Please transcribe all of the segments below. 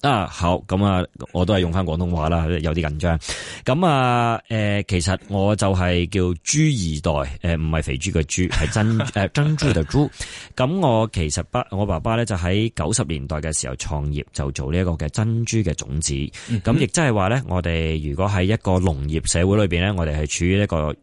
啊，好，咁啊，我都係用翻廣東話啦，有啲緊張咁啊。誒、呃，其實我就係叫豬二代，誒、呃，唔係肥豬嘅豬，係珍誒 珍珠嘅珠。咁我其實不我爸爸咧，就喺九十年代嘅時候創業，就做呢一個嘅珍珠嘅種子。咁亦即係話咧，我哋如果喺一個農業社會裏邊咧，我哋係處於一個誒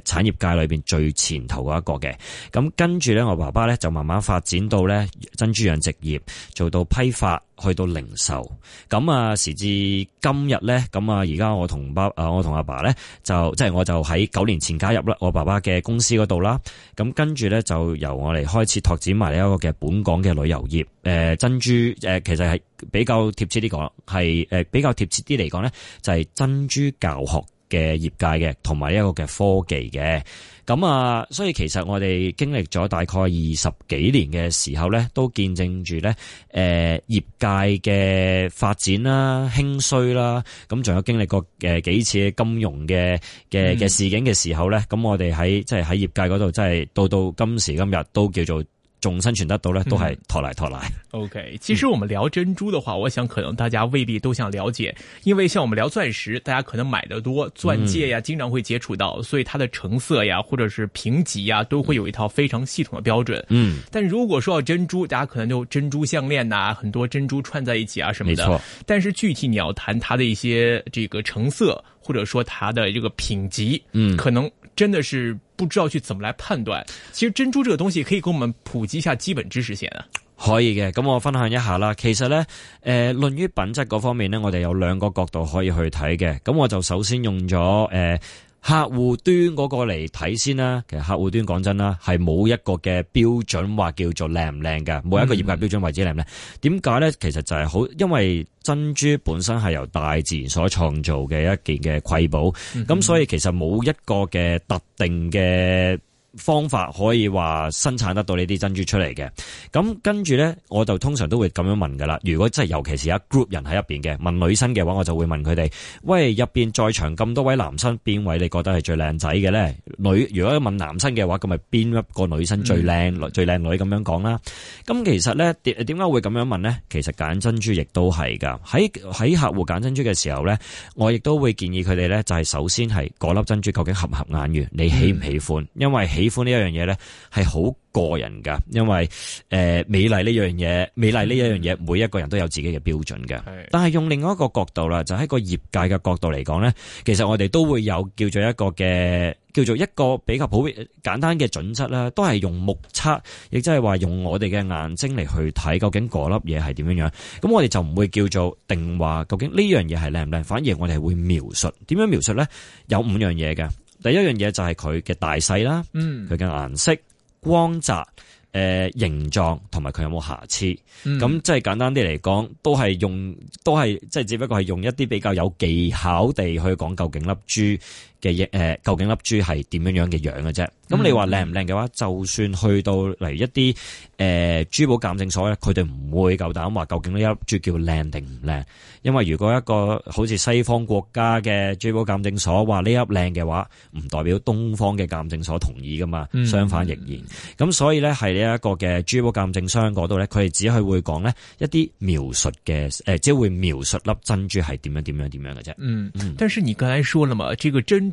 產業界裏邊最前途嘅一個嘅。咁跟住咧，我爸爸咧就慢慢發展到咧珍珠養殖業，做到批發，去到零售，咁啊時至今日咧，咁啊而家我同爸啊我同阿爸咧就即係、就是、我就喺九年前加入啦我爸爸嘅公司嗰度啦，咁跟住咧就由我嚟開始拓展埋呢一個嘅本港嘅旅遊業，誒珍珠誒其實係比較貼切啲講，係誒比較貼切啲嚟講咧就係珍珠教學嘅業界嘅，同埋一個嘅科技嘅。咁啊，所以其實我哋經歷咗大概二十幾年嘅時候咧，都見證住咧，誒、呃、業界嘅發展啦、興衰啦，咁仲有經歷過誒幾次嘅金融嘅嘅嘅事件嘅時候咧，咁、嗯、我哋喺即係喺業界嗰度，即係到到今時今日都叫做仲生存得到呢，都係托賴托賴 OK，其實我們聊珍珠的話，我想可能大家未必都想了解，嗯、因為像我們聊鑽石，大家可能買得多，鑽戒呀，經常會接觸到、嗯，所以它的成色呀，或者是評級呀，都會有一套非常系統的標準。嗯，但如果說到珍珠，大家可能就珍珠項鏈呐、啊、很多珍珠串在一起啊，什麼的。沒錯。但是具體你要談它的一些這個成色，或者說它的這個品級，嗯，可能真的是。不知道去怎麼來判斷，其實珍珠這個東西可以給我們普及一下基本知識先啊。可以嘅，咁我分享一下啦。其實呢，誒、呃，論於品質嗰方面呢，我哋有兩個角度可以去睇嘅。咁我就首先用咗誒。呃客戶端嗰個嚟睇先啦，其實客戶端講真啦，係冇一個嘅標準話叫做靚唔靚嘅，冇一個業界標準為之靚唔靚。點解咧？其實就係好，因為珍珠本身係由大自然所創造嘅一件嘅瑰寶，咁所以其實冇一個嘅特定嘅。方法可以話生產得到呢啲珍珠出嚟嘅，咁跟住咧，我就通常都會咁樣問噶啦。如果真係，尤其是一 group 人喺入邊嘅，問女生嘅話，我就會問佢哋，喂，入邊在場咁多位男生，邊位你覺得係最靚仔嘅咧？女，如果問男生嘅話，咁咪邊一個女生最靚、嗯、最靚女咁樣講啦。咁其實咧，點點解會咁樣問咧？其實揀珍珠亦都係噶，喺喺客戶揀珍珠嘅時候咧，我亦都會建議佢哋咧，就係首先係嗰粒珍珠究竟合唔合眼緣，你喜唔喜歡、嗯？因為喜。喜歡呢一樣嘢咧係好個人噶因為誒，美麗呢樣嘢，美麗呢一樣嘢，每一個人都有自己嘅標準嘅。係，但係用另外一個角度啦，就喺個業界嘅角度嚟講咧，其實我哋都會有叫做一個嘅，叫做一個比較普遍簡單嘅準則啦,都係用目測，亦即係話用我哋嘅眼睛嚟去睇，究竟嗰粒嘢係點樣樣。咁我哋就唔會叫做定話究竟呢樣嘢係靚唔靚，反而我哋係會描述，點樣描述咧？有五樣嘢嘅。第一樣嘢就係佢嘅大細啦，嗯，佢嘅顏色、光澤、誒、呃、形狀，同埋佢有冇瑕疵。咁即係簡單啲嚟講，都係用，都係即係只不過係用一啲比較有技巧地去講究竟粒珠嘅嘢究竟粒珠係點樣樣嘅樣嘅啫？咁、嗯、你話靚唔靚嘅話，就算去到嚟一啲誒、呃、珠寶鑑證所咧，佢哋唔會夠膽話究竟呢粒珠叫靚定唔靚，因為如果一個好似西方國家嘅珠寶鑑證所話呢粒靚嘅話，唔代表東方嘅鑑證所同意噶嘛，相反亦然。咁、嗯、所以咧，係呢一個嘅珠寶鑑證商嗰度咧，佢哋只係會講呢一啲描述嘅誒，即係會描述粒珍珠係點樣點樣點樣嘅啫。嗯，但是你剛才說了嘛，這個珍。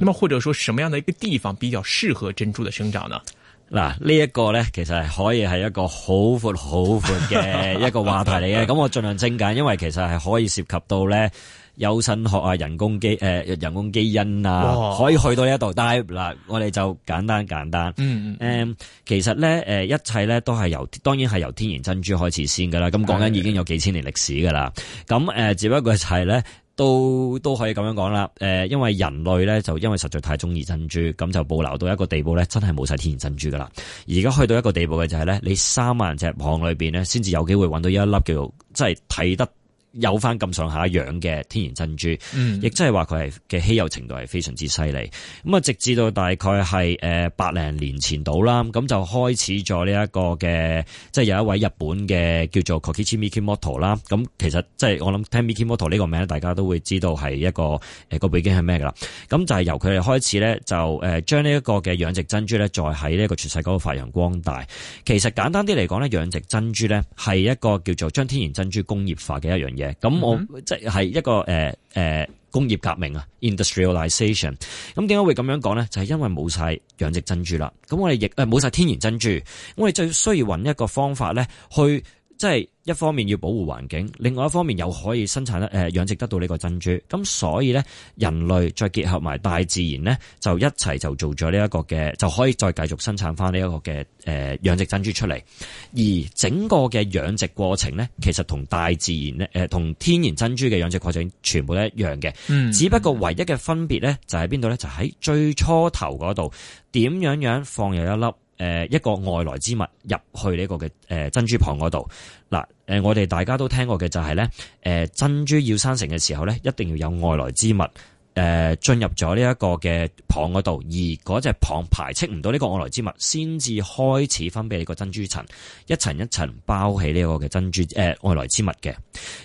咁或者說什麼樣的一個地方比較適合珍珠嘅生長呢？嗱、這個，呢一個咧，其實係可以係一個好闊好闊嘅一個話題嚟嘅。咁 我盡量精簡，因為其實係可以涉及到咧優生學啊、人工基誒、呃、人工基因啊，可以去到呢一度。但係嗱、呃，我哋就簡單簡單。嗯嗯。誒、呃，其實咧，誒，一切咧都係由，當然係由天然珍珠開始先噶啦。咁講緊已經有幾千年歷史噶啦。咁、哎、誒、哎呃，只不過係咧。都都可以咁樣講啦，誒、呃，因為人類咧就因為實在太中意珍珠，咁就捕撈到一個地步咧，真係冇晒天然珍珠噶啦。而家去到一個地步嘅，就係、是、咧，你三萬隻蚌裏邊咧，先至有機會揾到一粒叫做即係睇得。有翻咁上下一樣嘅天然珍珠，嗯，亦即係話佢係嘅稀有程度係非常之犀利。咁啊，直至到大概係誒百零年前到啦，咁就開始咗呢一個嘅，即係有一位日本嘅叫做 Kokichi Mikimoto 啦。咁其實即係我諗聽 Mikimoto 呢個名大家都會知道係一個誒個背景係咩噶啦。咁就係由佢哋開始咧，就誒將呢一個嘅養殖珍珠咧，再喺呢個全世界度發揚光大。其實簡單啲嚟講咧，養殖珍珠咧係一個叫做將天然珍珠工業化嘅一樣嘢。咁我即係、就是、一個誒誒、呃、工業革命啊，industrialization。咁點解會咁樣講咧？就係、是、因為冇晒養殖珍珠啦。咁我哋亦誒冇晒天然珍珠，我哋最需要揾一個方法咧去。即係一方面要保護環境，另外一方面又可以生產得誒養殖得到呢個珍珠。咁所以呢，人類再結合埋大自然呢，就一齊就做咗呢一個嘅，就可以再繼續生產翻呢一個嘅誒養殖珍珠出嚟。而整個嘅養殖過程呢，其實同大自然呢，誒、呃、同天然珍珠嘅養殖過程全部都一樣嘅、嗯。只不過唯一嘅分別呢，就喺邊度呢？就喺最初頭嗰度，點樣樣放入一粒。誒，一個外來之物入去呢個嘅誒珍珠蚌嗰度嗱。誒，我哋大家都聽過嘅就係咧，誒珍珠要生成嘅時候咧，一定要有外來之物誒進入咗呢一個嘅蚌嗰度，而嗰隻蚌排斥唔到呢個外來之物，先至開始分泌呢個珍珠層一層一層包起呢個嘅珍珠誒、呃、外來之物嘅。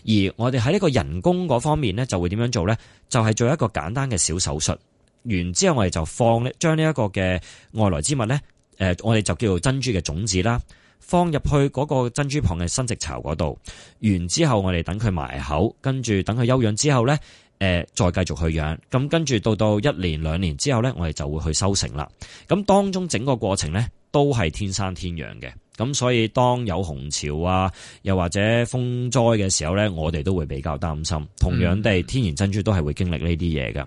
而我哋喺呢個人工嗰方面咧，就會點樣做咧？就係做一個簡單嘅小手術，完之後我哋就放將呢一個嘅外來之物咧。誒、呃，我哋就叫做珍珠嘅種子啦，放入去嗰個珍珠蚌嘅生殖巢嗰度，完之後我哋等佢埋口，跟住等佢休養之後呢，誒、呃，再繼續去養，咁跟住到到一年兩年之後呢，我哋就會去收成啦。咁當中整個過程呢，都係天生天養嘅。咁所以當有紅潮啊，又或者風災嘅時候呢，我哋都會比較擔心。同樣地，天然珍珠都係會經歷呢啲嘢㗎。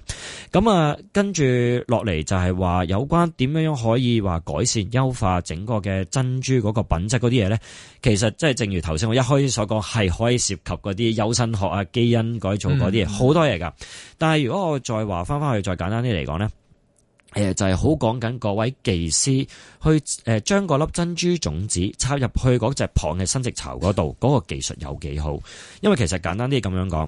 咁啊，跟住落嚟就係話有關點樣樣可以話改善優化整個嘅珍珠嗰個品質嗰啲嘢咧，其實即係正如頭先我一開始所講，係可以涉及嗰啲優生學啊、基因改造嗰啲嘢，好、嗯、多嘢噶。但係如果我再話翻翻去，再簡單啲嚟講咧，誒就係好講緊各位技師去誒將嗰粒珍珠種子插入去嗰隻蚌嘅生殖巢嗰度，嗰、嗰個技術有幾好？因為其實簡單啲咁樣講，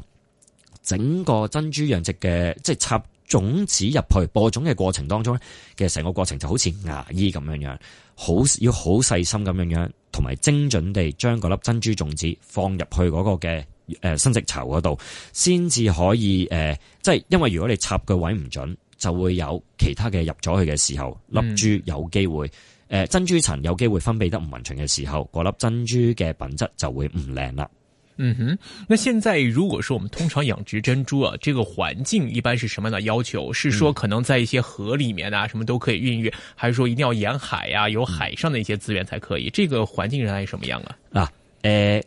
整個珍珠養殖嘅即係插種子入去播種嘅過程當中咧，其實成個過程就好似牙醫咁樣樣，好要好細心咁樣樣，同埋精準地將嗰粒珍珠種子放入去嗰個嘅誒、呃、生殖巢嗰度，先至可以誒、呃，即係因為如果你插嘅位唔準，就會有其他嘅入咗去嘅時候，粒珠有機會誒、嗯呃、珍珠層有機會分泌得唔完全嘅時候，嗰粒珍珠嘅品質就會唔靚啦。嗯哼，那現在如果說我們通常養殖珍珠啊，這個環境一般是什麼樣的要求？是說可能在一些河裏面啊，什麼都可以孕育，還是說一定要沿海啊，有海上的一些資源才可以？這個環境原來是什麼樣啊？嗱，誒，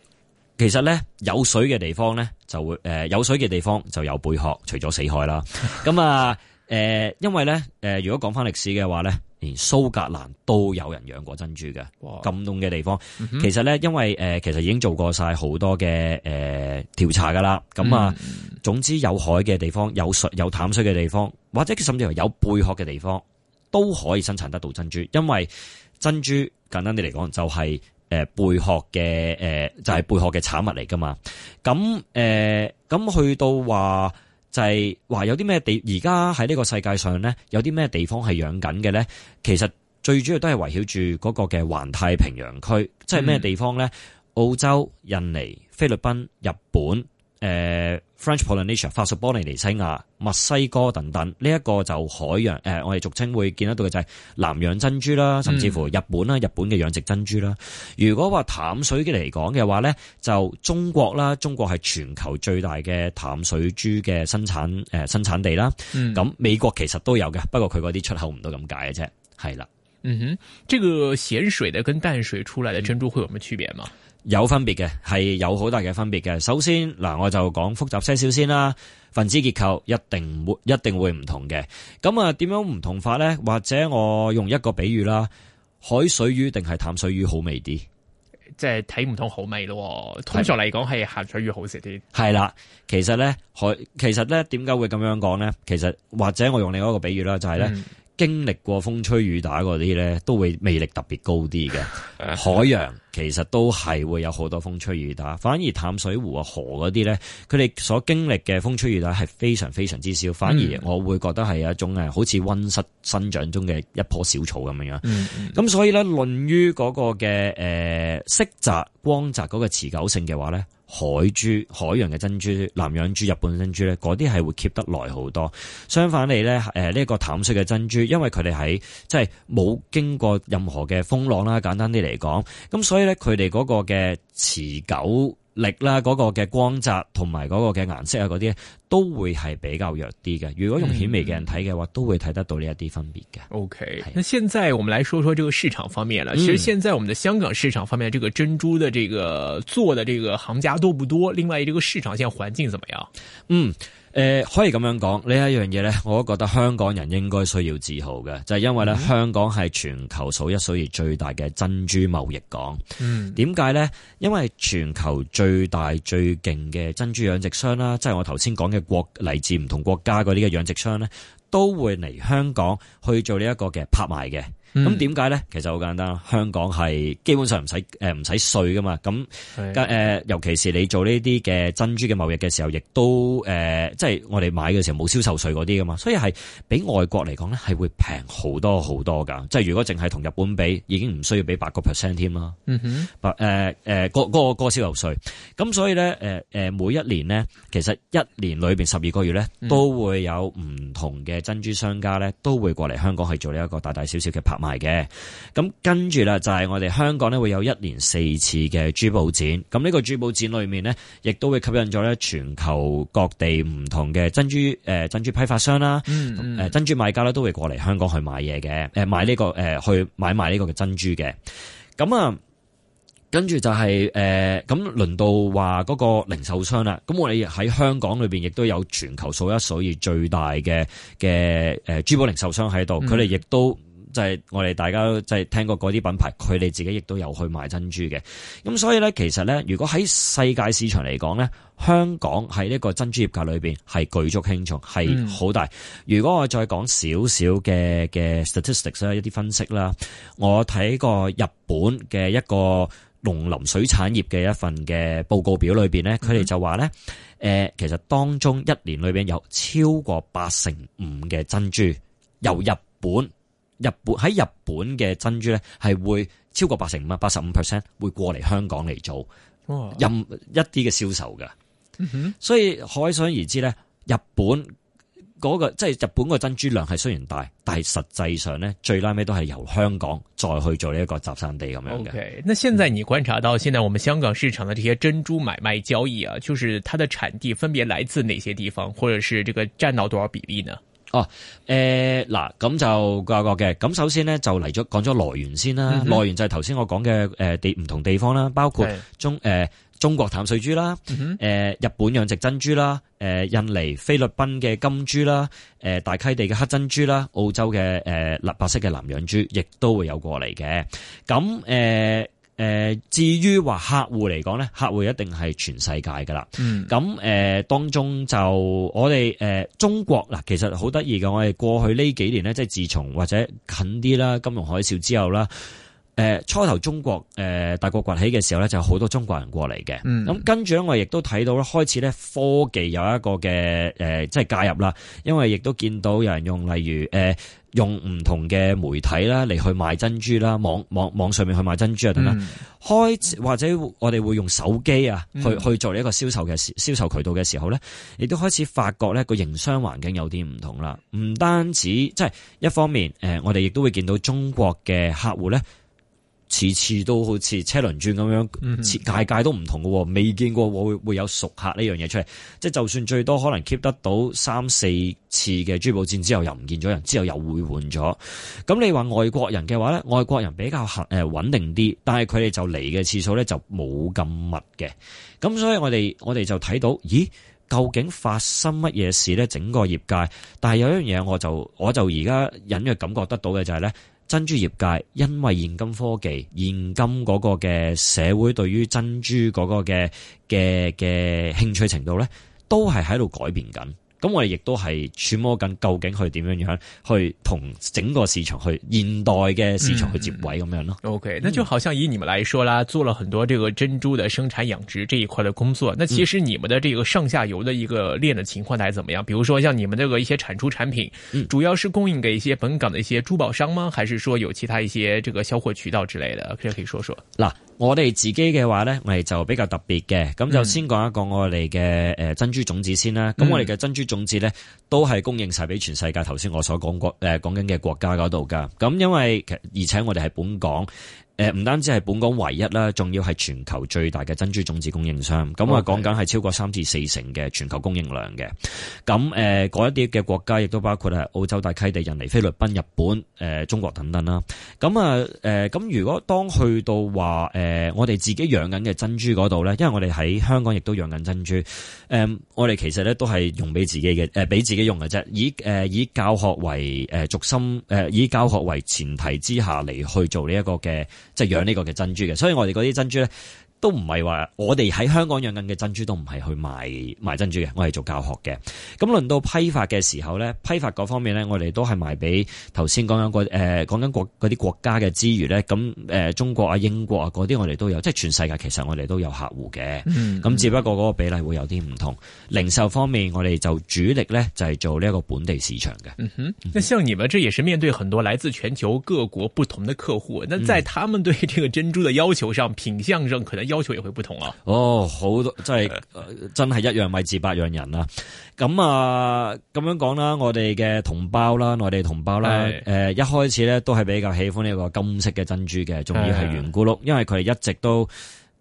其實呢，有水嘅地方呢，就會誒、呃，有水嘅地方就有貝殼，除咗死海啦。咁、嗯、啊，誒、呃，因為呢，誒、呃，如果講翻歷史嘅話呢。連蘇格蘭都有人養過珍珠嘅，咁凍嘅地方，嗯、其實咧，因為誒、呃，其實已經做過晒好多嘅誒調查噶啦。咁啊、嗯，總之有海嘅地方、有水、有淡水嘅地方，或者甚至乎有貝殼嘅地方，都可以生產得到珍珠。因為珍珠簡單啲嚟講，就係誒貝殼嘅誒就係貝殼嘅產物嚟噶嘛。咁誒、咁、呃、去到話。就係話有啲咩地，而家喺呢個世界上咧，有啲咩地方係養緊嘅咧？其實最主要都係圍繞住嗰個嘅環太平洋區，即係咩地方咧？嗯、澳洲、印尼、菲律賓、日本。誒、uh,，French Polynesia、法屬波利尼西亞、墨西哥等等，呢、這、一個就海洋誒、呃，我哋俗稱會見得到嘅就係南洋珍珠啦，甚至乎日本啦，日本嘅養殖珍珠啦。如果話淡水嘅嚟講嘅話咧，就中國啦，中國係全球最大嘅淡水珠嘅生產誒、呃、生產地啦。咁、嗯、美國其實都有嘅，不過佢嗰啲出口唔到咁解嘅啫。係啦，嗯哼，呢個鹹水的跟淡水出來嘅珍珠會有咩區別嗎？嗯有分別嘅，係有好大嘅分別嘅。首先嗱，我就講複雜些少先啦。分子結構一定會一定會唔同嘅。咁啊，點樣唔同法咧？或者我用一個比喻啦，海水魚定係淡水魚好味啲？即係睇唔通好味咯。通常嚟講係鹹水魚好食啲。係啦，其實咧海其實咧點解會咁樣講咧？其實,其實或者我用另一個比喻啦，就係、是、咧。嗯經歷過風吹雨打嗰啲呢，都會魅力特別高啲嘅。海洋其實都係會有好多風吹雨打，反而淡水湖啊河嗰啲呢，佢哋所經歷嘅風吹雨打係非常非常之少，反而我會覺得係一種誒，好似温室生長中嘅一棵小草咁樣樣。咁所以呢，論於嗰個嘅誒色澤光澤嗰個持久性嘅話呢。海珠、海洋嘅珍珠、南洋珠、日本珍珠咧，嗰啲係會 keep 得耐好多。相反嚟咧，誒呢個淡水嘅珍珠，因為佢哋喺即係冇經過任何嘅風浪啦，簡單啲嚟講，咁所以咧佢哋嗰個嘅持久力啦，嗰、那個嘅光澤同埋嗰個嘅顏色啊，嗰啲都會係比較弱啲嘅。如果用顯微鏡睇嘅話、嗯，都會睇得到呢一啲分別嘅。OK，那現在我們來說說這個市場方面啦、嗯。其實現在我們的香港市場方面，這個珍珠的這個做的這個行家多不多？另外，這個市場現環境怎麼樣？嗯。誒，可以咁樣講呢一樣嘢呢，我都覺得香港人應該需要自豪嘅，就係因為咧香港係全球數一數二最大嘅珍珠貿易港。嗯，點解呢？因為全球最大最勁嘅珍珠養殖商啦，即係我頭先講嘅國嚟自唔同國家嗰啲嘅養殖商呢，都會嚟香港去做呢一個嘅拍賣嘅。咁點解咧？其實好簡單，香港係基本上唔使誒唔使稅噶嘛。咁誒、呃，尤其是你做呢啲嘅珍珠嘅貿易嘅時候，亦都誒，即、呃、係、就是、我哋買嘅時候冇銷售稅嗰啲噶嘛。所以係比外國嚟講咧，係會平好多好多噶。即係如果淨係同日本比，已經唔需要俾八個 percent 添啦。嗯哼，八誒誒嗰個個銷售稅。咁所以咧誒誒，每一年咧，其實一年裏邊十二個月咧，都會有唔同嘅珍珠商家咧，都會過嚟香港去做呢一個大大小小嘅拍。嘅，咁跟住啦，就係我哋香港咧會有一年四次嘅珠寶展，咁、呢、呢個珠寶展裏面咧，亦都會吸引咗咧全球各地唔同嘅珍珠誒、呃、珍珠批發商啦，誒、嗯嗯、珍珠買家啦都會過嚟香港去買嘢嘅，誒買呢、呢個誒、呃、去買賣呢個嘅珍珠嘅，咁啊，跟住就係誒咁輪到話嗰個零售商啦，咁我哋喺香港裏邊亦都有全球數一數二最大嘅嘅誒珠寶零售商喺度，佢哋亦都。就係、是、我哋大家就係聽過嗰啲品牌，佢哋自己亦都有去賣珍珠嘅。咁所以咧，其實咧，如果喺世界市場嚟講咧，香港喺呢個珍珠業界裏面係舉足輕重，係好大。如果我再講少少嘅嘅 statistics 啦，一啲分析啦，我睇過日本嘅一個農林水產業嘅一份嘅報告表裏面，咧，佢哋就話咧，誒，其實當中一年裏面有超過八成五嘅珍珠、嗯、由日本。日本喺日本嘅珍珠咧，係會超過八成五、八十五 percent 會過嚟香港嚟做任一啲嘅銷售嘅。所以可想而知咧，日本嗰個即係日本個珍珠量係雖然大，但係實際上咧，最拉尾都係由香港再去做呢一個集散地咁樣嘅。OK，那現在你觀察到，現在我們香港市場嘅這些珍珠買賣交易啊，就是它的產地分別來自哪些地方，或者是這個佔到多少比例呢？哦，嗱、呃，咁就個個嘅，咁首先咧就嚟咗講咗來源先啦，mm -hmm. 來源就係頭先我講嘅地唔同地方啦，包括中、mm -hmm. 呃、中國淡水珠啦、呃，日本養殖珍珠啦、呃，印尼菲律賓嘅金珠啦、呃，大溪地嘅黑珍珠啦，澳洲嘅誒立白色嘅南洋珠，亦都會有過嚟嘅，咁、呃、誒。誒、呃，至於話客戶嚟講咧，客戶一定係全世界噶啦。咁、嗯、誒、呃，當中就我哋誒、呃，中國嗱，其實好得意嘅，我哋過去呢幾年咧，即係自從或者近啲啦，金融海嘯之後啦。誒、呃，初頭中國誒、呃、大國崛起嘅時候咧，就好多中國人過嚟嘅。咁、嗯、跟住咧，我亦都睇到咧，開始咧科技有一個嘅誒，即係介入啦。因為亦都見到有人用，例如誒、呃、用唔同嘅媒體啦嚟去賣珍珠啦，網網網上面去賣珍珠啊，等、嗯、等。開始或者我哋會用手機啊，去、嗯、去做一個銷售嘅銷售渠道嘅時候咧，亦都開始發覺咧個營商環境有啲唔同啦。唔單止即係、就是、一方面，誒、呃、我哋亦都會見到中國嘅客戶咧。次次都好似車輪轉咁樣，界界都唔同嘅喎，未見過會會有熟客呢樣嘢出嚟。即係就算最多可能 keep 得到三四次嘅珠寶展之後，又唔見咗人，之後又會換咗。咁你話外國人嘅話呢？外國人比較誒穩定啲，但係佢哋就嚟嘅次數呢，就冇咁密嘅。咁所以我哋我哋就睇到，咦？究竟發生乜嘢事呢？整個業界，但係有一樣嘢我就我就而家隱約感覺得到嘅就係呢。珍珠業界，因為現今科技，現今嗰個嘅社會對於珍珠嗰個嘅嘅嘅興趣程度咧，都係喺度改變緊。咁我哋亦都係揣摩緊究竟佢點樣樣，去同整個市場去現代嘅市場去接軌咁樣咯、嗯。嗯、o、OK, K，那就好像以你們來說啦，做了很多這個珍珠的生產養殖這一塊的工作，那其實你們的這個上下游的一個鏈的情況大概怎麼樣、嗯？比如說，像你們這個一些產出產品、嗯，主要是供應給一些本港的一些珠寶商嗎？還是說有其他一些這個銷貨渠道之類的？可唔可以說說啦？我哋自己嘅話咧，我哋就比較特別嘅，咁、嗯、就先講一個我哋嘅誒珍珠種子先啦。咁、嗯、我哋嘅珍珠種子咧，都係供應晒俾全世界。頭先我所講過誒講緊嘅國家嗰度噶。咁因為，而且我哋係本港。誒，唔單止係本港唯一啦，仲要係全球最大嘅珍珠種子供應商。咁啊，講緊係超過三至四成嘅全球供應量嘅。咁誒，嗰一啲嘅國家亦都包括係澳洲、大溪地、印尼、菲律賓、日本、誒中國等等啦。咁啊，誒，咁如果當去到話，誒，我哋自己養緊嘅珍珠嗰度咧，因為我哋喺香港亦都養緊珍珠。誒，我哋其實咧都係用俾自己嘅，誒，俾自己用嘅啫。以誒以教學為誒重心，誒以教學為前提之下嚟去做呢、這、一個嘅。即係養呢個嘅珍珠嘅，所以我哋嗰啲珍珠咧。都唔係話我哋喺香港養緊嘅珍珠都唔係去賣賣珍珠嘅，我係做教學嘅。咁輪到批發嘅時候咧，批發嗰方面咧，我哋都係賣俾頭先講緊國誒講緊嗰啲國家嘅之餘咧，咁誒、呃、中國啊、英國啊嗰啲我哋都有，即係全世界其實我哋都有客戶嘅。咁、嗯、只不過嗰個比例會有啲唔同。零售方面我哋就主力咧就係、是、做呢一個本地市場嘅。嗯哼，那像你們這也是面對很多來自全球各國不同的客戶、嗯，那在他們對這個珍珠的要求上，品相上可能要交錯又會不同啊！哦，好多真係真係一樣米養百樣人啦。咁啊，咁、呃、樣講啦，我哋嘅同胞啦，內地同胞啦，誒、呃，一開始咧都係比較喜歡呢個金色嘅珍珠嘅，仲要係圓咕碌，因為佢哋一直都。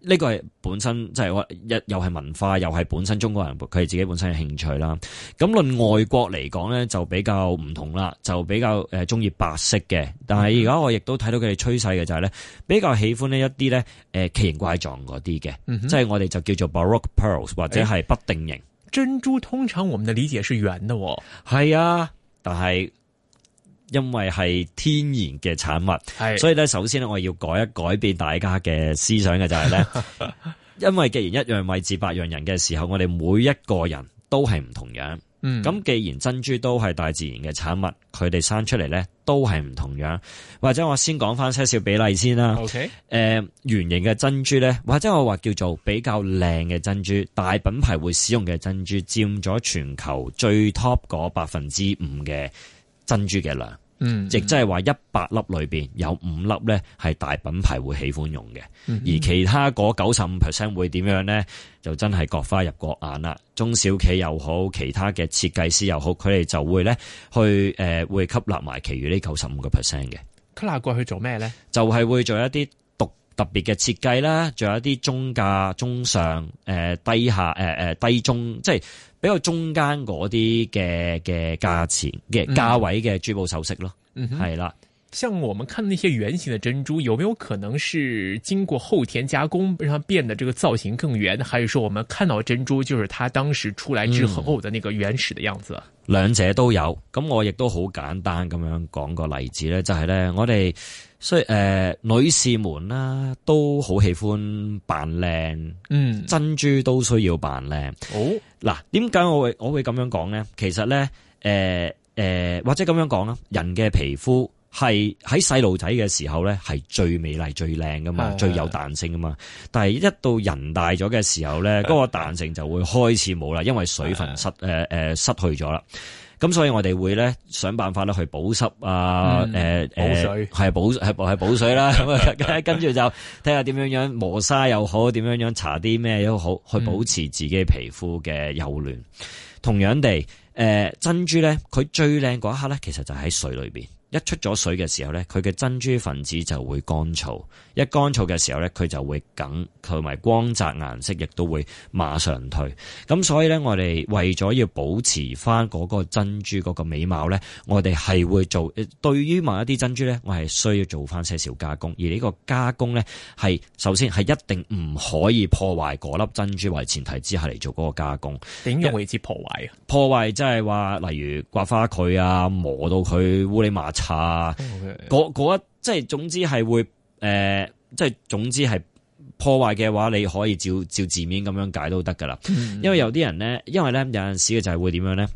呢個係本身就係、是、又又係文化，又係本身中國人佢哋自己本身嘅興趣啦。咁論外國嚟講咧，就比較唔同啦，就比較誒中意白色嘅。但係而家我亦都睇到佢哋趨勢嘅就係咧，比較喜歡呢一啲咧誒奇形怪狀嗰啲嘅，即、嗯、係、就是、我哋就叫做 Baroque pearls 或者係不定型。欸、珍珠。通常我們的理解是圓的喎、哦。係啊，但係。因為係天然嘅產物，係所以咧，首先咧，我要改一改變大家嘅思想嘅就係、是、咧， 因為既然一樣位置，百樣人嘅時候，我哋每一個人都係唔同樣，咁、嗯、既然珍珠都係大自然嘅產物，佢哋生出嚟咧都係唔同樣，或者我先講翻些少比例先啦，誒、okay? 呃，圓形嘅珍珠咧，或者我話叫做比較靚嘅珍珠，大品牌會使用嘅珍珠佔咗全球最 top 嗰百分之五嘅珍珠嘅量。嗯，即係話一百粒裏邊有五粒咧係大品牌會喜歡用嘅，而其他嗰九十五 percent 會點樣咧？就真係各花入各眼啦。中小企又好，其他嘅設計師又好，佢哋就會咧去、誒、呃、會吸納埋其餘呢九十五個 percent 嘅。吸納過去做咩咧？就係、是、會做一啲。特別嘅設計啦，仲有一啲中價、中上、誒、呃、低下、誒、呃、誒低中，即係比較中間嗰啲嘅嘅價錢嘅價位嘅珠寶首飾咯，係、嗯、啦。像我們看到那些圓形嘅珍珠，有沒有可能是經過後天加工，讓它變得這個造型更圓？還是說我們看到珍珠就是它當時出來之後的那個原始嘅樣子？嗯。兩者都有，咁我亦都好簡單咁樣講個例子咧，就係、是、咧，我哋所以誒，女士們啦，都好喜歡扮靚，嗯，珍珠都需要扮靚。好、哦，嗱，點解我會我會咁樣講咧？其實咧，誒、呃、誒、呃，或者咁樣講啦，人嘅皮膚。係喺細路仔嘅時候咧，係最美麗、最靚噶嘛，最，最有彈性噶嘛。但係一到人大咗嘅時候咧，嗰個彈性就會開始冇啦，因為水分失誒誒、呃、失去咗啦。咁所以我哋會咧想辦法咧去保濕啊，誒、嗯呃、水，水。係保係補水啦。咁跟住就睇下點樣樣磨砂又好，點樣樣搽啲咩都好，去保持自己皮膚嘅幼嫩。嗯、同樣地，誒、呃、珍珠咧，佢最靚嗰一刻咧，其實就喺水裏邊。一出咗水嘅時候咧，佢嘅珍珠分子就會乾燥。一乾燥嘅時候咧，佢就會梗，同埋光澤顏色亦都會馬上退。咁所以咧，我哋為咗要保持翻嗰個珍珠嗰個美貌咧，我哋係會做。對於某一啲珍珠咧，我係需要做翻些少加工。而呢個加工咧，係首先係一定唔可以破壞嗰粒珍珠為前提之下嚟做嗰個加工。點樣為之破壞啊？破壞即係話，例如刮花佢啊，磨到佢烏里麻。吓、啊，嗰嗰一即係總之係會，誒、呃，即係總之係破壞嘅話，你可以照照字面咁樣解都得噶啦。因為有啲人咧，因為咧有陣時嘅就係會點樣咧，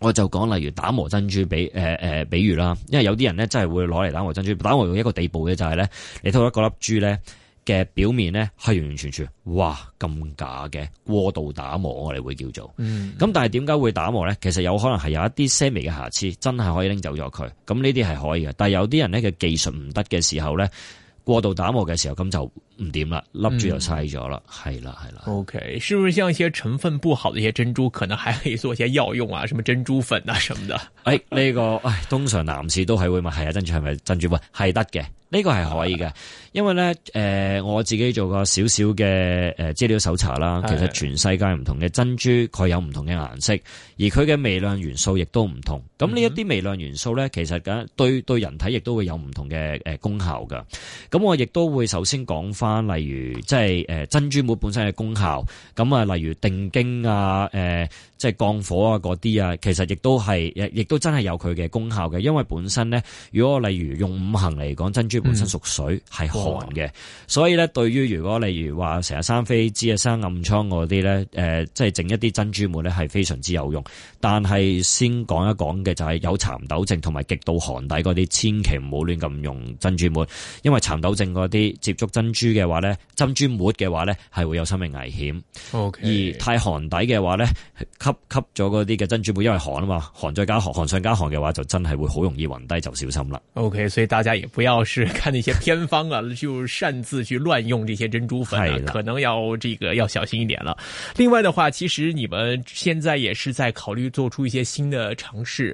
我就講例如打磨珍珠比，誒、呃、誒、呃，比如啦，因為有啲人咧真係會攞嚟打磨珍珠，打磨到一個地步嘅就係、是、咧，你睇一個粒珠咧，嘅表面咧係完完全全，哇咁假嘅過度打磨，我哋會叫做，咁、嗯、但係點解會打磨咧？其實有可能係有一啲微 i 嘅瑕疵，真係可以拎走咗佢。咁呢啲係可以嘅，但係有啲人咧嘅技術唔得嘅時候咧，過度打磨嘅時候咁就唔掂啦，粒住就嘥咗啦。係、嗯、啦，係啦。OK，是不是像一些成分不好的一些珍珠，可能還可以做一些藥用啊？什麼珍珠粉啊，什麼的？誒、哎、呢、這個誒、哎，通常男士都係會問，係啊，珍珠係咪珍珠？喂，係得嘅。呢個係可以嘅，因為咧，誒、呃、我自己做過少少嘅，誒資料搜查啦。其實全世界唔同嘅珍珠，佢有唔同嘅顏色，而佢嘅微量元素亦都唔同。咁呢一啲微量元素咧，其實咁對對人體亦都會有唔同嘅誒功效㗎。咁我亦都會首先講翻，例如即係誒珍珠末本身嘅功效。咁啊，例如定驚啊、誒即係降火啊嗰啲啊，其實亦都係亦都真係有佢嘅功效嘅。因為本身咧，如果例如用五行嚟講，珍珠本身屬水，係、嗯、寒嘅，所以咧對於如果例如話成日生痱滋啊、生暗瘡嗰啲咧，誒即係整一啲珍珠末咧係非常之有用。但係先講一講嘅。就係、是、有蠶豆症同埋極度寒底嗰啲，千祈唔好亂咁用珍珠沫，因為蠶豆症嗰啲接觸珍珠嘅話呢珍珠沫嘅話呢係會有生命危險。Okay. 而太寒底嘅話呢，吸吸咗嗰啲嘅珍珠沫，因為寒啊嘛，寒再加寒，寒上加寒嘅話，就真係會好容易暈低，就小心啦。O、okay, K，所以大家也不要試看那些偏方啊， 就擅自去亂用這些珍珠粉、啊， 可能要這個要小心一點啦。另外的話，其實你們現在也是在考慮做出一些新的嘗試。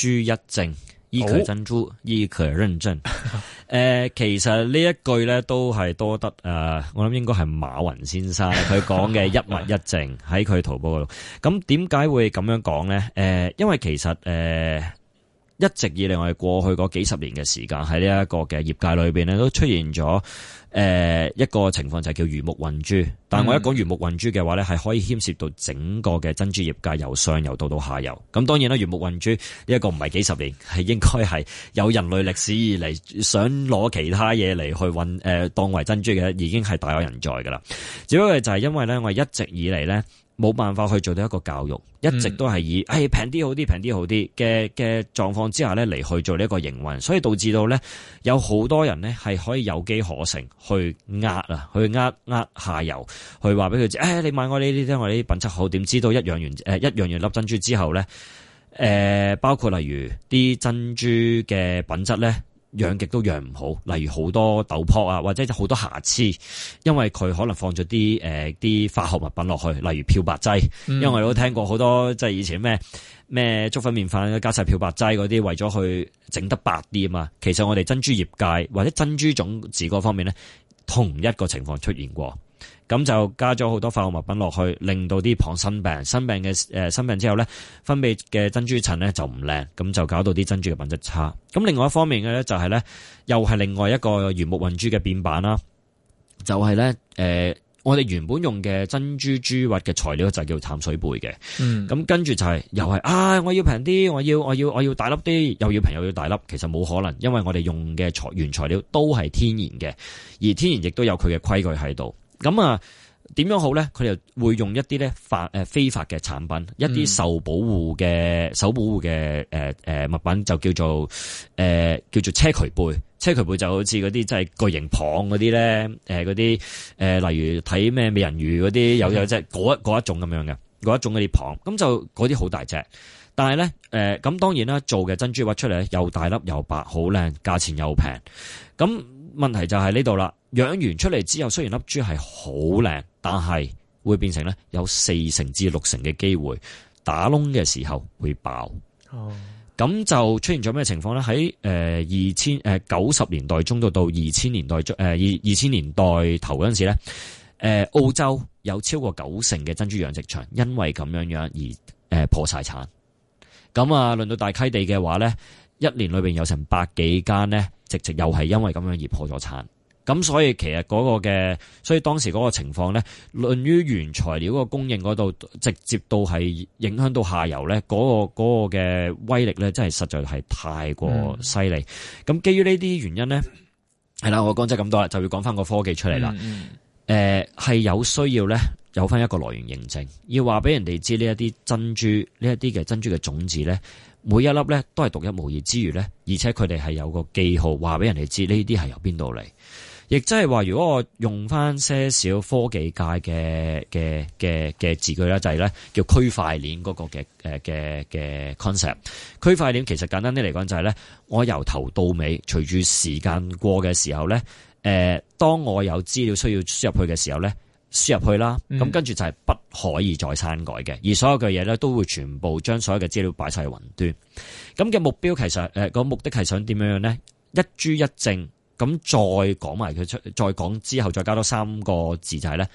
珠一正，依佢珍珠，依佢認證。誒，其實呢一句咧，都係多得誒，我諗應該係馬雲先生佢講嘅一物一證喺佢淘寶嗰度。咁點解會咁樣講咧？誒，因為其實誒。一直以嚟，我哋過去嗰幾十年嘅時間喺呢一個嘅業界裏邊咧，都出現咗誒、呃、一個情況就係叫魚目混珠。但係我一講魚目混珠嘅話咧，係可以牽涉到整個嘅珍珠業界由上游到到下游。咁當然啦，魚目混珠呢一、這個唔係幾十年，係應該係有人類歷史以嚟想攞其他嘢嚟去混誒、呃、當為珍珠嘅，已經係大有人在噶啦。只不過就係因為咧，我哋一直以嚟。咧。冇辦法去做到一個教育，一直都係以誒平啲好啲，平啲好啲嘅嘅狀況之下咧嚟去做呢一個營運，所以導致到咧有好多人咧係可以有機可乘去呃啊，去呃呃下游，去話俾佢知，誒你買我呢啲，我呢啲品質好，點知道一樣原、呃、一樣原粒珍珠之後咧，誒、呃、包括例如啲珍珠嘅品質咧。養極都養唔好，例如好多豆粕啊，或者好多瑕疵，因為佢可能放咗啲誒啲化學物品落去，例如漂白劑。嗯、因為我哋都聽過好多即係以前咩咩粥粉麵飯加晒漂白劑嗰啲，為咗去整得白啲啊嘛。其實我哋珍珠業界或者珍珠種子嗰方面咧，同一個情況出現過。咁就加咗好多化學物品落去，令到啲蚌生病，生病嘅、誒生病之後咧分泌嘅珍珠層咧就唔靚，咁就搞到啲珍珠嘅品質差。咁另外一方面嘅咧就係、是、咧，又係另外一個原木混珠嘅變版啦，就係咧誒我哋原本用嘅珍珠珠核嘅材料就叫淡水貝嘅，咁、嗯、跟住就係又係啊，我要平啲，我要我要我要大粒啲，又要平又要大粒，其實冇可能，因為我哋用嘅材原材料都係天然嘅，而天然亦都有佢嘅規矩喺度。咁啊，點樣好咧？佢又會用一啲咧法誒非法嘅產品，一啲受保護嘅受保護嘅誒誒物品嗯嗯就叫做誒叫做硨磲貝，硨磲貝就好似嗰啲即係巨型蚌嗰啲咧，誒嗰啲誒例如睇咩美人魚嗰啲有有即係嗰一種咁樣嘅嗰一種啲蚌，咁就嗰啲好大隻，但係咧誒咁當然啦，做嘅珍珠挖出嚟又大粒又白，好靚，價錢又平，咁問題就係呢度啦。養完出嚟之後，雖然粒珠係好靚，但係會變成咧有四成至六成嘅機會打窿嘅時候會爆哦。咁就出現咗咩情況咧？喺誒二千誒九十年代中度到到二千年代中誒二二千年代頭嗰陣時咧，誒、呃、澳洲有超過九成嘅珍珠養殖場因為咁樣樣而誒、呃、破晒產。咁啊，輪到大溪地嘅話咧，一年裏邊有成百幾間咧，直直又係因為咁樣而破咗產。咁所以，其實嗰個嘅，所以當時嗰個情況咧，論於原材料個供應嗰度，直接到係影響到下游咧，嗰、嗰個嗰嘅、嗰個、威力咧，真係實在係太過犀利。咁，基於呢啲原因咧，係啦，我講咗咁多啦，就要講返個科技出嚟啦。誒、嗯，係、嗯呃、有需要咧，有返一個來源認證，要話俾人哋知呢一啲珍珠呢一啲嘅珍珠嘅種子咧，每一粒咧都係獨一無二之餘咧，而且佢哋係有個記號，話俾人哋知呢啲係由邊度嚟。亦即係話，如果我用翻些少科技界嘅嘅嘅嘅字句咧，就係咧叫區塊鏈嗰個嘅誒嘅嘅 concept。區塊鏈其實簡單啲嚟講就係咧，我由頭到尾，隨住時間過嘅時候咧，誒，當我有資料需要輸入去嘅時候咧，輸入去啦。咁跟住就係不可以再刪改嘅，而所有嘅嘢咧都會全部將所有嘅資料擺晒雲端。咁嘅目標其實誒個目的係想點樣樣咧？一珠一證。咁再講埋佢出，再講之後再加多三個字，就係呢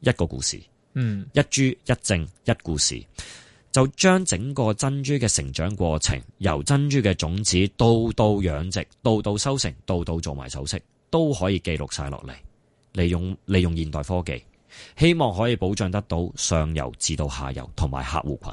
一個故事，嗯，一珠一證一故事，就將整個珍珠嘅成長過程，由珍珠嘅種子到到養殖，到到收成，到到做埋首飾，都可以記錄晒落嚟，利用利用現代科技，希望可以保障得到上游至到下游同埋客戶群。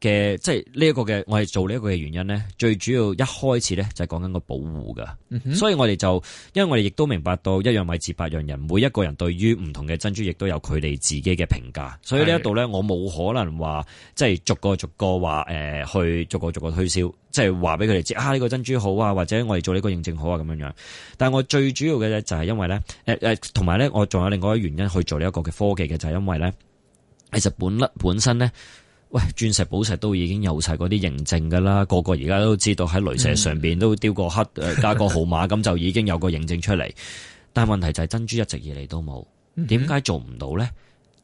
嘅即係呢一個嘅，我哋做呢一個嘅原因咧，最主要一開始咧就係講緊個保護噶、嗯，所以我哋就，因為我哋亦都明白到，一樣米養八樣人，每一個人對於唔同嘅珍珠，亦都有佢哋自己嘅評價，所以呢一度咧，我冇可能話即係逐個逐個話誒去逐個逐個推銷，即係話俾佢哋知啊呢、這個珍珠好啊，或者我哋做呢個認證好啊咁樣樣。但係我最主要嘅咧，就係因為咧，誒、呃、誒，同埋咧，我仲有另外一個原因去做呢一個嘅科技嘅，就係、是、因為咧，其實本本身咧。喂，鑽石、寶石都已經有晒嗰啲認證噶啦，個個而家都知道喺鐳射上邊都雕個刻加個號碼，咁就已經有個認證出嚟。但係問題就係珍珠一直以嚟都冇，點解做唔到咧？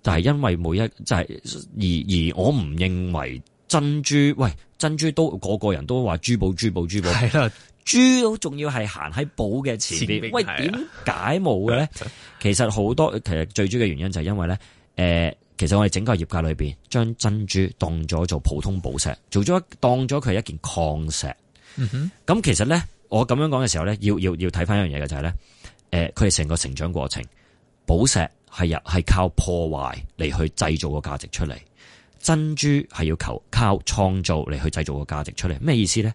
就係、是、因為每一就係、是、而而我唔認為珍珠喂，珍珠都個個人都話珠寶、珠寶、珠寶係珠都仲要係行喺寶嘅前邊。前面喂，點解冇嘅咧？ 其實好多其實最主要嘅原因就係因為咧，誒、呃。其實我哋整個業界裏邊，將珍珠當咗做普通寶石，做咗當咗佢係一件礦石。咁、嗯、其實咧，我咁樣講嘅時候咧，要要要睇返一樣嘢嘅就係、是、咧，誒、呃，佢係成個成長過程，寶石係係靠破壞嚟去製造個價值出嚟，珍珠係要求靠創造嚟去製造個價值出嚟。咩意思咧？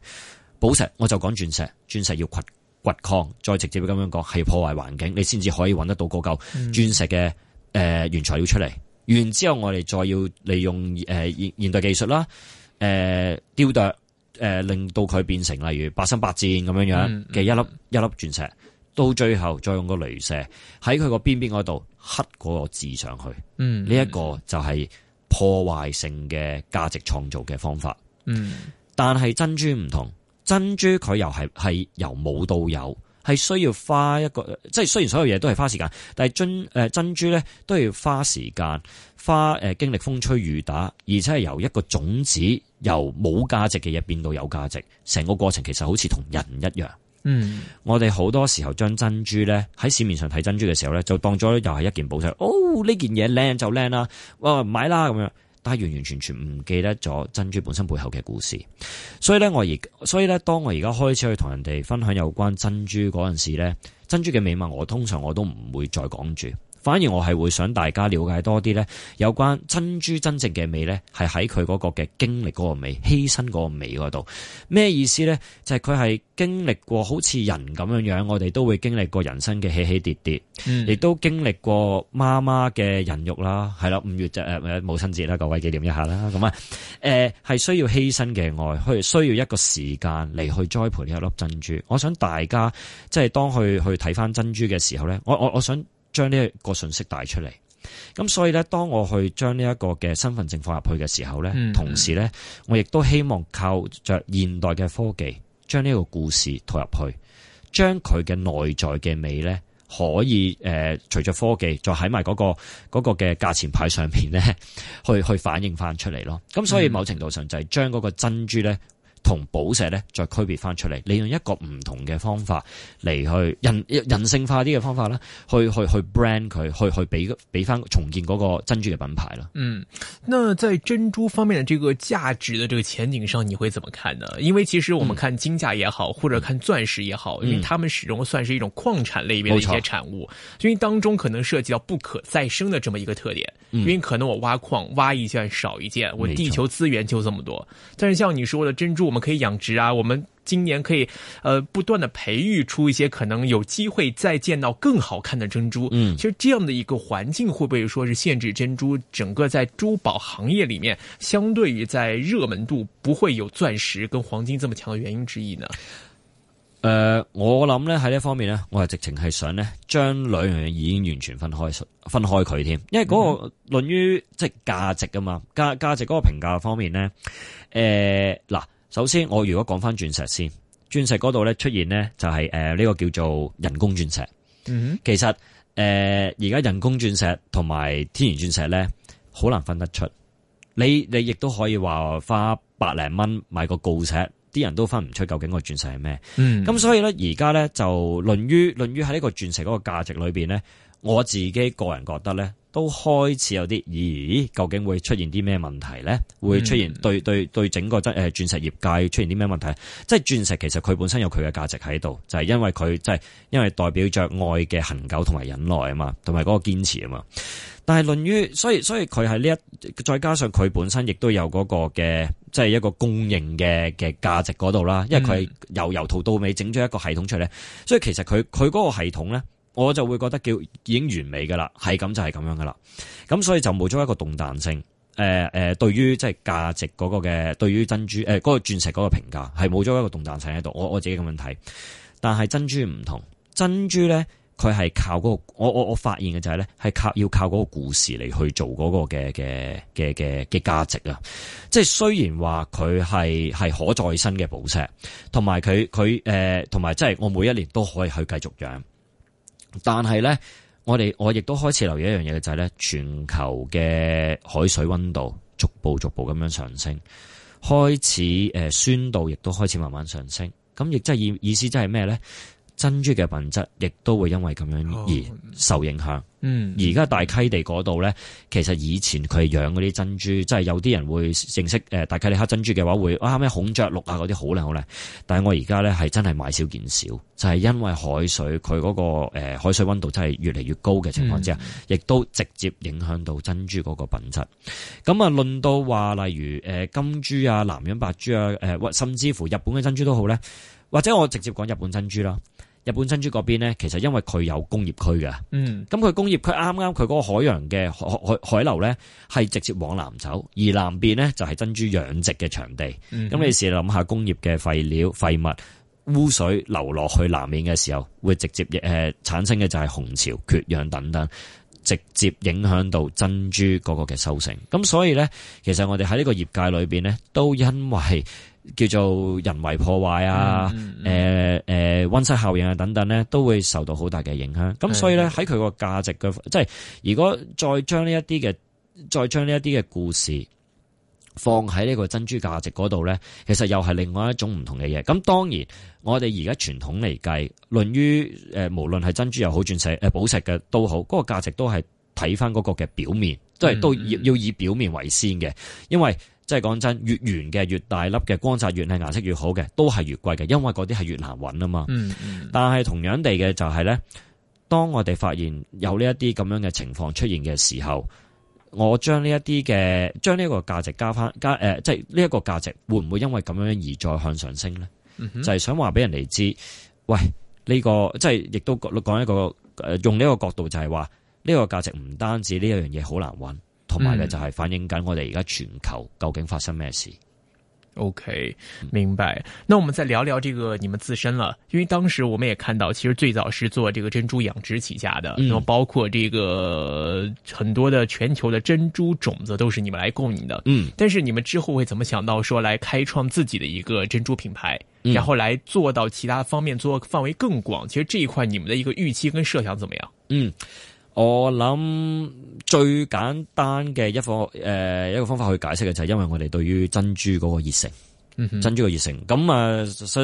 寶石我就講鑽石，鑽石要掘掘礦，再直接咁樣講係破壞環境，你先至可以揾得到嗰嚿鑽石嘅誒、呃、原材料出嚟。完之後，我哋再要利用誒現代技術啦，誒雕琢，誒、呃、令到佢變成例如八心八箭咁樣樣嘅一粒一粒鑽石，到最後再用個鐳射喺佢個邊邊嗰度刻嗰個字上去。呢、嗯、一、嗯一個就係破壞性嘅價值創造嘅方法。嗯，但係珍珠唔同，珍珠佢又係係由冇到有。係需要花一個，即係雖然所有嘢都係花時間，但係真誒珍珠咧都係要花時間，花誒經歷風吹雨打，而且係由一個種子，由冇價值嘅嘢變到有價值，成個過程其實好似同人一樣。嗯，我哋好多時候將珍珠咧喺市面上睇珍珠嘅時候咧，就當咗又係一件寶石。哦，呢件嘢靚就靚啦，哇、呃、買啦咁樣。他完完全全唔記得咗珍珠本身背後嘅故事，所以咧我而，所以咧當我而家開始去同人哋分享有關珍珠嗰陣時咧，珍珠嘅美貌我通常我都唔會再講住。反而我係會想大家了解多啲咧，有關珍珠真正嘅美咧，係喺佢嗰個嘅經歷嗰個美，犧牲嗰個美嗰度。咩意思咧？就係佢係經歷過好似人咁樣樣，我哋都會經歷過人生嘅起起跌跌，亦、嗯、都經歷過媽媽嘅孕育啦，係啦五月就誒母親節啦，各位紀念一下啦。咁啊，誒、呃、係需要犧牲嘅愛，去需要一個時間嚟去栽培呢一粒珍珠。我想大家即係當佢去睇翻珍珠嘅時候咧，我我我想。將呢個信息帶出嚟，咁所以呢，當我去將呢一個嘅身份證放入去嘅時候呢，嗯、同時呢，我亦都希望靠着現代嘅科、呃、科技，將呢個故事套入去，將佢嘅內在嘅美呢，可以誒，隨着科技再喺埋嗰個嗰個嘅價錢牌上面呢，去去反映翻出嚟咯。咁所以某程度上就係將嗰個珍珠呢。同寶石呢，再區別翻出嚟，利用一個唔同嘅方法嚟去人人性化啲嘅方法啦，去去去 brand 佢，去去俾俾翻重建嗰個珍珠嘅品牌啦。嗯，那在珍珠方面嘅這個價值嘅這個前景上，你會怎麼看呢？因為其實我們看金價也好、嗯，或者看鑽石也好，嗯、因為他哋始終算是一種礦產類別嘅一些產物，因為當中可能涉及到不可再生嘅這麼一個特點、嗯，因為可能我挖礦挖一件少一件，我地球資源就咁多。但是像你說嘅珍珠，我們可以養殖啊！我們今年可以，呃，不斷的培育出一些可能有機會再見到更好看的珍珠。嗯，其實這樣的一個環境，會不會說是限制珍珠整個在珠寶行業裏面，相對於在熱門度不會有鑽石跟黃金這麼強的原因之一呢？呃，我諗呢喺呢方面呢，我係直情係想呢將兩樣嘢已經完全分開，分開佢添。因為嗰、那個、嗯、論於即係價值啊嘛，價價值嗰個評價方面呢。誒、呃、嗱。首先，我如果講翻鑽石先，鑽石嗰度咧，出現咧就係誒呢個叫做人工鑽石。嗯哼，其實誒而家人工鑽石同埋天然鑽石咧好難分得出。你你亦都可以話花百零蚊買個鋯石，啲人都分唔出究竟個鑽石係咩。嗯，咁所以咧，而家咧就論於論於喺呢個鑽石嗰個價值裏邊咧。我自己個人覺得咧，都開始有啲，咦？究竟會出現啲咩問題咧？會出現、嗯、對對對整個真誒鑽石業界出現啲咩問題？即係鑽石其實佢本身有佢嘅價值喺度，就係、是、因為佢即係因為代表着愛嘅恆久同埋忍耐啊嘛，同埋嗰個堅持啊嘛。但係論於所以所以佢係呢一，再加上佢本身亦都有嗰個嘅即係一個供應嘅嘅價值嗰度啦。因為佢由由頭到尾整咗一個系統出嚟，所以其實佢佢嗰個系統咧。我就會覺得叫已經完美噶啦，係咁就係、是、咁樣噶啦。咁所以就冇咗一個動彈性。誒誒，對於即係價值嗰個嘅，對於珍珠誒嗰、呃、個鑽石嗰個評價係冇咗一個動彈性喺度。我我自己咁樣睇，但係珍珠唔同，珍珠咧佢係靠嗰、嗰個，我我我發現嘅就係咧係靠要靠嗰個故事嚟去做嗰個嘅嘅嘅嘅嘅價值啊。即係雖然話佢係係可再生嘅寶石，同埋佢佢誒，同埋即係我每一年都可以去繼續養。但係咧，我哋我亦都開始留意一樣嘢嘅，就係咧，全球嘅海水溫度逐步逐步咁樣上升，開始誒酸度亦都開始慢慢上升，咁亦即係意意思即係咩咧？珍珠嘅品質亦都會因為咁樣而受影響。嗯，而家大溪地嗰度咧，其實以前佢養嗰啲珍珠，即係有啲人會認識大溪地黑珍珠嘅話會，會哇咩孔雀綠啊嗰啲好靚好靚。但係我而家咧係真係買少見少，就係因為海水佢嗰個海水溫度真係越嚟越高嘅情況之下，亦都直接影響到珍珠嗰個品質。咁啊，論到話例如金珠啊、南洋白珠啊、誒甚至乎日本嘅珍珠都好咧，或者我直接講日本珍珠啦。日本珍珠嗰邊呢，其實因為佢有工業區嘅，咁、嗯、佢工業區啱啱佢嗰個海洋嘅海海流呢，係直接往南走，而南邊呢，就係珍珠養殖嘅場地。咁你試諗下，想想工業嘅廢料、廢物、污水流落去南面嘅時候，會直接誒、呃、產生嘅就係紅潮、缺氧等等，直接影響到珍珠嗰個嘅收成。咁所以呢，其實我哋喺呢個業界裏邊呢，都因為。叫做人為破壞啊，誒誒溫室效應啊等等咧，都會受到好大嘅影響。咁所以咧，喺佢個價值嘅，即係如果再將呢一啲嘅，再將呢一啲嘅故事放喺呢個珍珠價值嗰度咧，其實又係另外一種唔同嘅嘢。咁當然，我哋而家傳統嚟計，論於誒，無論係珍珠又好，鑽石誒寶石嘅都好，嗰個價值都係睇返嗰個嘅表面，即係都要要以表面為先嘅，因為。即係講真，越圓嘅、越大粒嘅、光澤越係顏色越好嘅，都係越貴嘅，因為嗰啲係越難揾啊嘛。嗯嗯但係同樣地嘅就係、係、呢，當我哋發現有呢一啲咁樣嘅情況出現嘅時候，我將呢一啲嘅將呢一個價值加翻加誒，即係呢一個價值會唔會因為咁樣而再向上升呢？嗯、就係想話俾人哋知，喂，呢、呢個即係亦都講一個、呃、用呢一個角度就係話呢個價值唔單止呢一樣嘢好難揾。同埋呢，就係、是、反映緊我哋而家全球究竟發生咩事？OK，明白。那我們再聊聊這個你們自身了，因為當時我們也看到，其實最早是做這個珍珠養殖起家的，然、嗯、後包括這個很多的全球的珍珠種子都是你們來供應的。嗯，但是你們之後會怎麼想到說來開創自己的一個珍珠品牌，嗯、然後來做到其他方面做範圍更廣？其實這一塊你們的一個預期跟設想怎麼樣？嗯。我諗最簡單嘅一方誒一個方法去解釋嘅就係因為我哋對於珍珠嗰個熱誠，珍珠嘅熱誠，咁啊，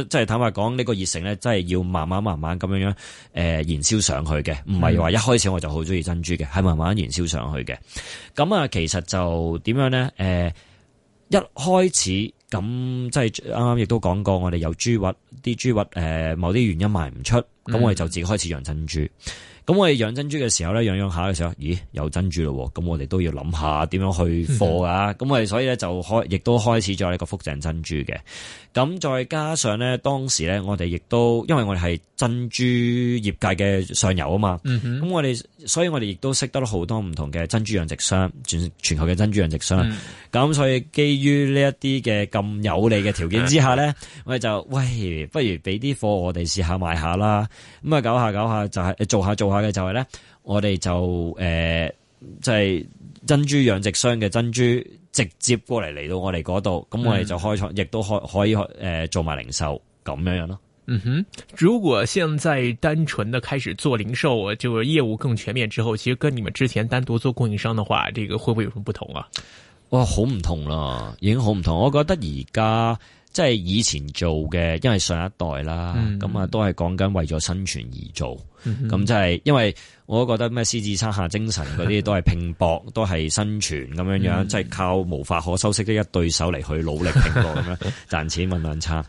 即係坦白講呢個熱誠咧，真係要慢慢慢慢咁樣樣誒燃燒上去嘅，唔係話一開始我就好中意珍珠嘅，係慢慢燃燒上去嘅。咁啊，其實就點樣咧？誒，一開始咁即係啱啱亦都講過，我哋有珠核，啲珠核誒某啲原因賣唔出，咁我哋就自己開始養珍珠。咁我哋養珍珠嘅時候咧，養養下嘅時候，咦，有珍珠咯喎、啊！咁我哋都要諗下點樣去貨㗎。咁 我哋所以咧就開亦都開始咗呢個福井珍珠嘅。咁再加上咧，當時咧我哋亦都，因為我哋係珍珠業界嘅上游啊嘛。咁、嗯、我哋，所以我哋亦都識得好多唔同嘅珍珠養殖商，全全球嘅珍珠養殖商。咁、嗯、所以基於呢一啲嘅咁有利嘅條件之下咧， 我哋就喂，不如俾啲貨我哋試下賣下啦。咁啊，搞下搞下就係做下做嘅就係、是、咧，我哋就誒，就係、是、珍珠養殖商嘅珍珠直接過嚟，嚟到我哋嗰度，咁我哋就開倉，亦都可可以誒做埋零售咁樣樣咯。嗯哼，如果現在單純的開始做零售，就業務更全面之後，其實跟你們之前單獨做供應商的話，這個會不會有什麼不同啊？哇，好唔同啦，已經好唔同。我覺得而家。即係以前做嘅，因為上一代啦，咁啊都係講緊為咗生存而做，咁即係，因為我都覺得咩獅子山下精神嗰啲都係拼搏， 都係生存咁樣樣，即係靠無法可收拾嘅一對手嚟去努力拼搏咁樣，賺 錢搵兩餐。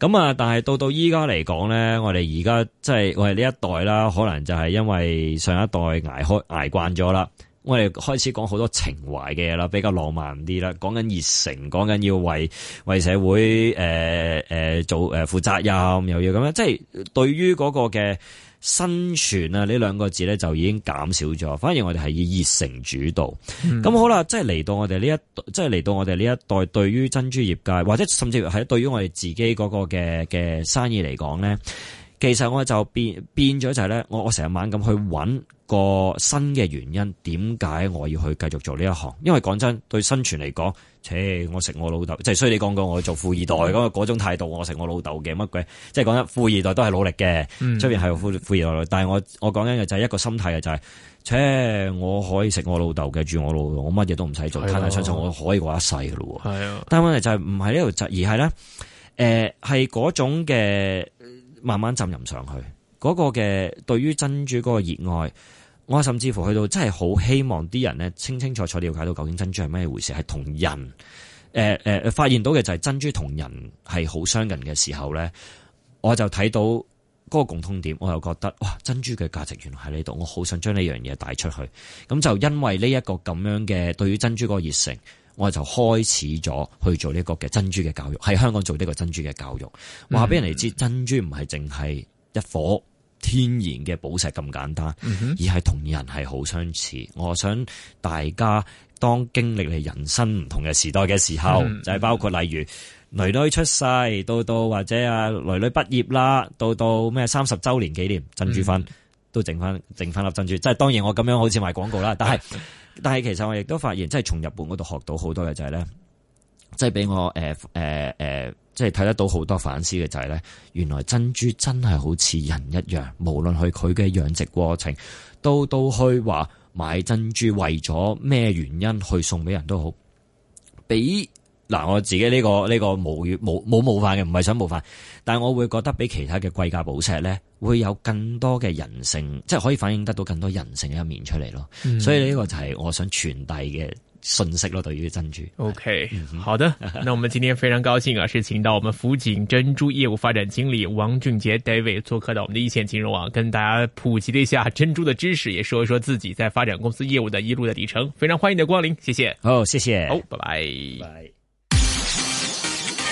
咁啊，但係到到依家嚟講咧，我哋而家即係我哋呢一代啦，可能就係因為上一代挨開挨慣咗啦。我哋開始講好多情懷嘅嘢啦，比較浪漫啲啦，講緊熱誠，講緊要為為社會誒、呃、做誒、呃、負責任，又要咁樣，即係對於嗰個嘅生存啊呢兩個字咧，就已經減少咗。反而我哋係以熱誠主導。咁、嗯、好啦，即係嚟到我哋呢一，即係嚟到我哋呢一代，對於珍珠業界，或者甚至乎係對於我哋自己嗰個嘅嘅生意嚟講咧。其實我就變變咗就係咧，我我成日晚咁去搵個新嘅原因，點解我要去繼續做呢一行？因為講真，對生存嚟講，且我食我老豆，即係所以你講過我做富二代咁嗰種態度，我食我老豆嘅乜鬼？即係講緊富二代都係努力嘅，出邊係富富二代，嗯、但係我我講緊嘅就係一個心態就係、是、且我可以食我老豆嘅住我老豆，我乜嘢都唔使做，太相信我可以過一世咯。係啊，但係問題就係唔係呢度，而係咧，誒係嗰種嘅。慢慢浸淫上去，嗰、嗰個嘅對於珍珠嗰個熱愛，我甚至乎去到真係好希望啲人呢，清清楚楚了解到究竟珍珠係咩回事，係同人，誒、呃、誒、呃，發現到嘅就係珍珠同人係好相近嘅時候呢，我就睇到嗰個共通點，我又覺得哇，珍珠嘅價值原來喺呢度，我好想將呢樣嘢帶出去。咁就因為呢一個咁樣嘅對於珍珠嗰個熱誠。我就開始咗去做呢個嘅珍珠嘅教育，喺香港做呢個珍珠嘅教育，話俾人哋知、mm -hmm. 珍珠唔係淨係一顆天然嘅寶石咁簡單，而係同人係好相似。我想大家當經歷你人生唔同嘅時代嘅時候，mm -hmm. 就係包括例如女女出世，到到或者啊女女畢業啦，到到咩三十週年紀念珍珠婚。Mm -hmm. 都整翻整翻粒珍珠，即係當然我咁樣好似賣廣告啦，但係 但係其實我亦都發現，即係從日本嗰度學到好多嘅就係、是、咧、 呃呃，即係俾我誒誒誒，即係睇得到好多反思嘅就係、是、咧，原來珍珠真係好似人一樣，無論係佢嘅養殖過程，到到去話買珍珠為咗咩原因去送俾人都好，俾。嗱，我自己呢、這個呢、這個冒越冇冇冒犯嘅，唔係想冒犯，但係我會覺得比其他嘅貴價寶石呢會有更多嘅人性，即係可以反映得到更多人性嘅一面出嚟咯、嗯。所以呢個就係我想傳遞嘅信息咯，對於珍珠。O、okay, K，、嗯、好的。那我們今天非常高興啊，是請到我們福井珍珠業務發展經理王俊杰 David 做客到我們的一線金融網，跟大家普及了一下珍珠的知識，也說一說自己在發展公司業務的一路的里程。非常歡迎你的光臨，謝謝。哦，謝謝。哦，拜。拜。